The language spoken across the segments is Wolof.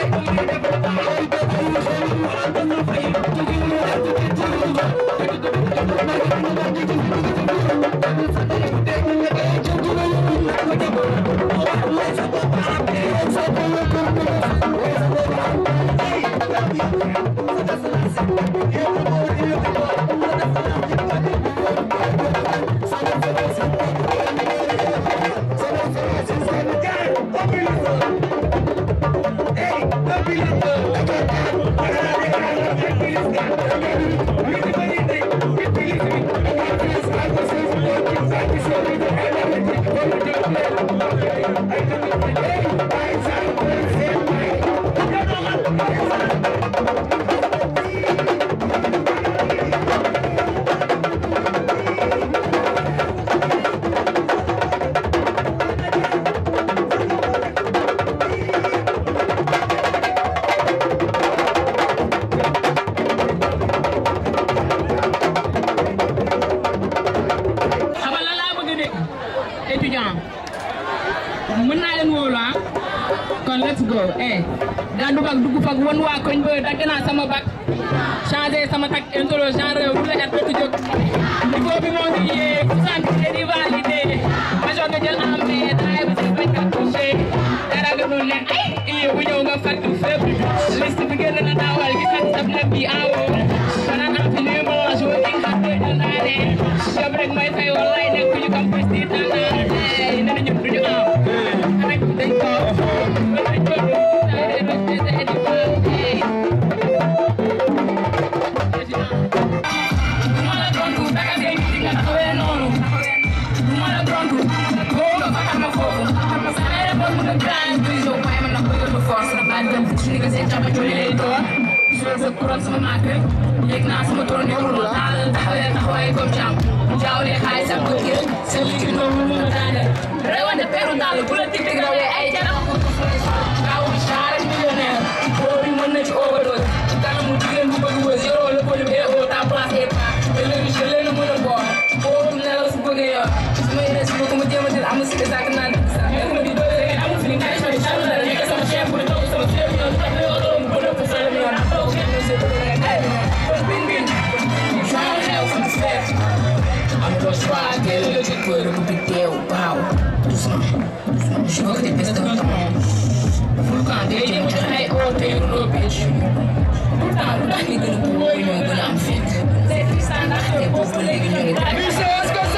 Thank you. borom sama maak rek yéeg naa sama tool yi mu doon naa la taxawee taxawee comme jàmm jaawlee xaalis ak bëgg rek sa liggéey noonu mu mën a daaneel rewoon de peeru daal bu la tig tig rawee ay bërëb bi teew baaw doucement je veux que tu baisses ton ton pourtant day yëngu ay oote yu lóobee suñu pourtant lu tax ñu gën a boobu ñoo gën a am fit ndaxte boobu léegi ñu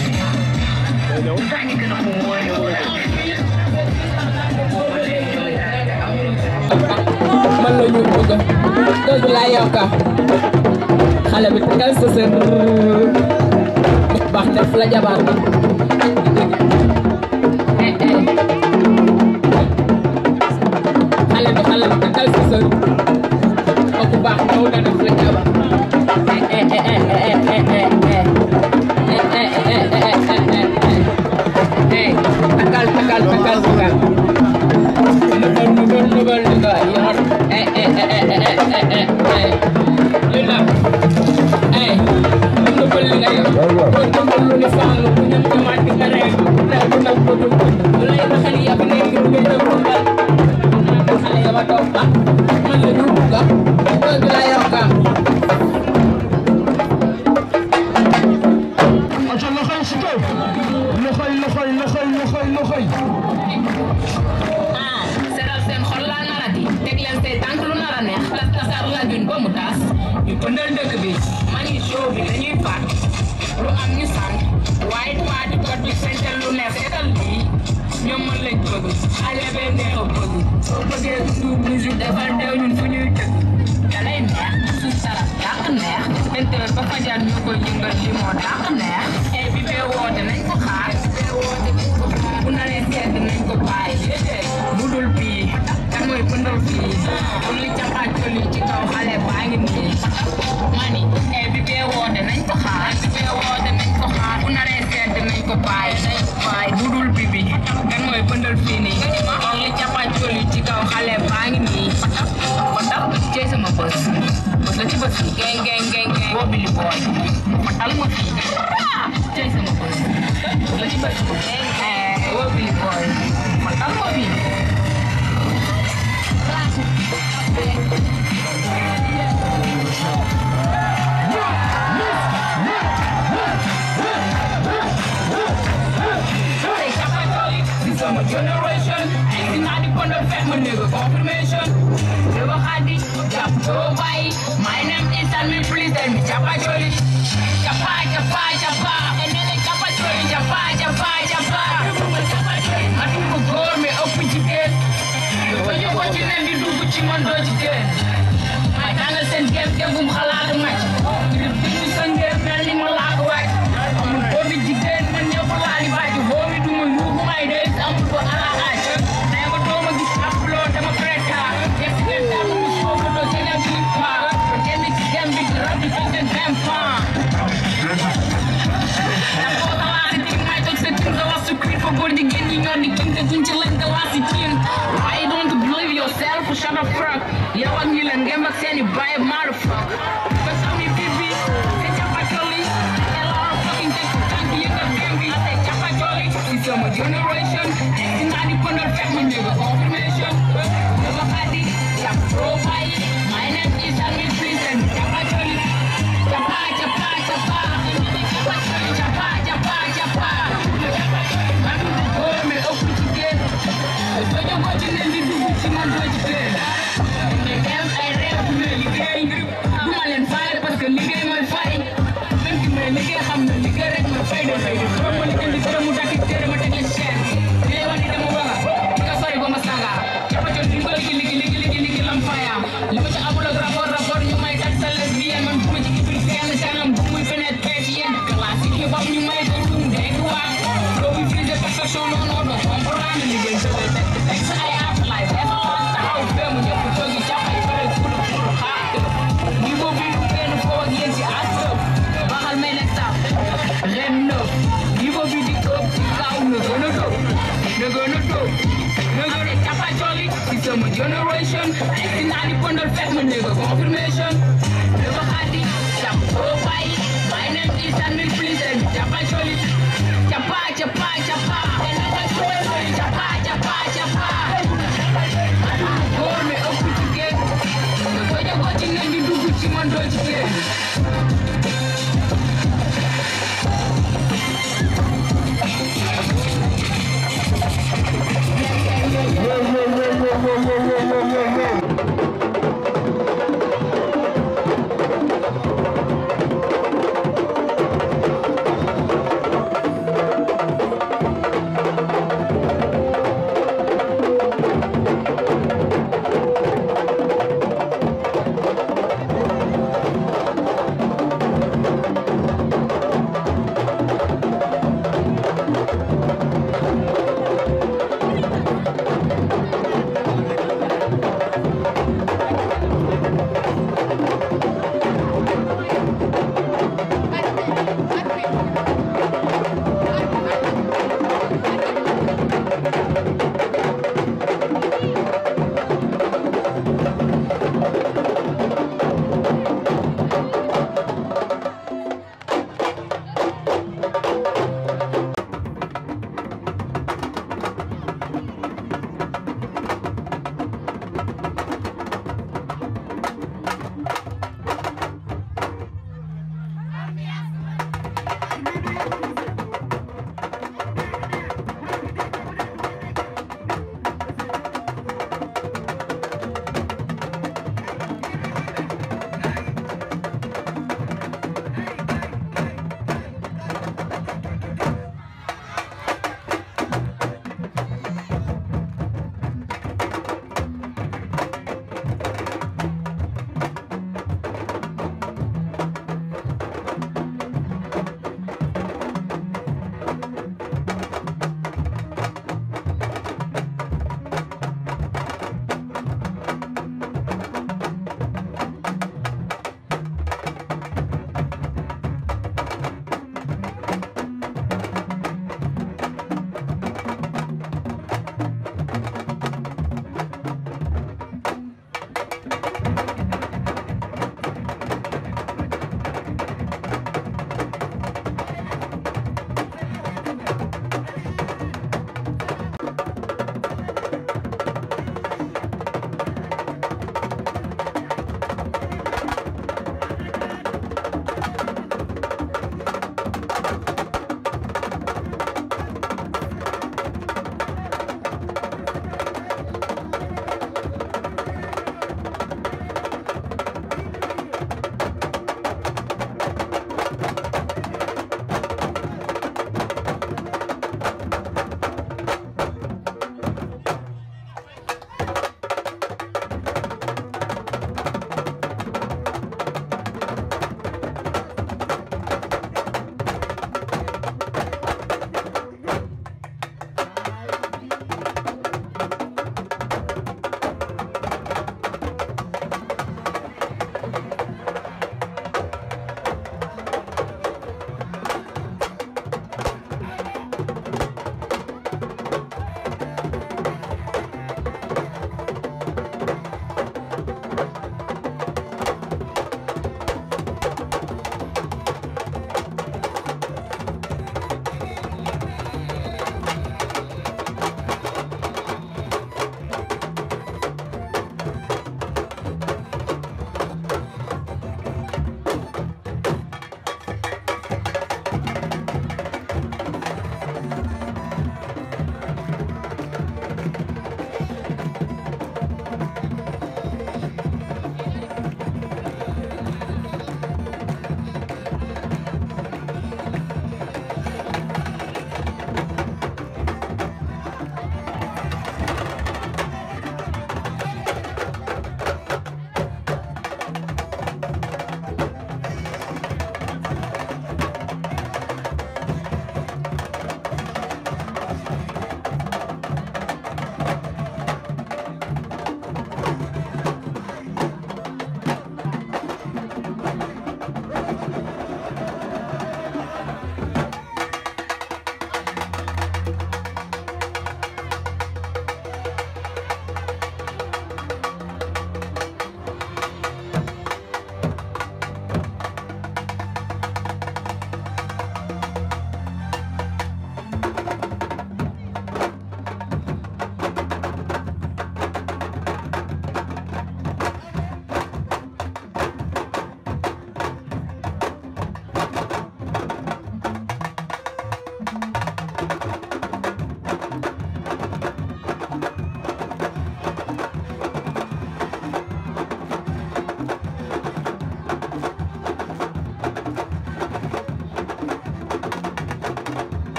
man la ñu bëgg dëgg laa yow ka xale bi tegal sa sër baax na la jabar xale bi xale bi tegal sa sër kooku baax na def la Pakal pakal pakal. Nubal nubal nubal juga. Yor. Eh eh eh eh eh eh eh eh. Lila. Eh. eh. Nubal lila yo. Nubal nubal ni falu. Punyam kamat kita rey. Nah punyam punyam. Lila yang kali apa ni? Nubal nubal. Kali apa tau? Mana dulu kan? Lila yang kan. loxoy loxoy ah seral seen xol teg leen say tànk lu nar neex tas tasaar la dun ba mu taas ñu pëndal dëkk bi mani show bi dañuy faat lu am ñu sant waaye faati ko du sental lu neex seetal lii ñoom mën lañ bëgg xale bee neex a bëgg neex suuf ba fajar ñu koy neex e bi bee woote nañ xaar unanesiatinenko pai mudul pi kamoy pendol pi only capat coli ci kaw xale baa ngi nii mani e bi bee woote nañ ko xaar bi bee woote nañ ko xaar unanesiatinenko ko pai pai mudul bi bi kan mooy pendol fii nii only capat coli ci kaw xale baa ngi nii patap patap cee sama bës bës la ci bës geng geng geng geng boo bili booy patal ma fii cee sama bës la ci bës generation. Ain't nothing but family nigga confirmation. Never had it, got nobody. keneen di dugg ci man doo ci téye ma jàngal seen gem gem bu mu xalaat màcc. командует generation. 1990 bundle, fact, my nigga, confirmation.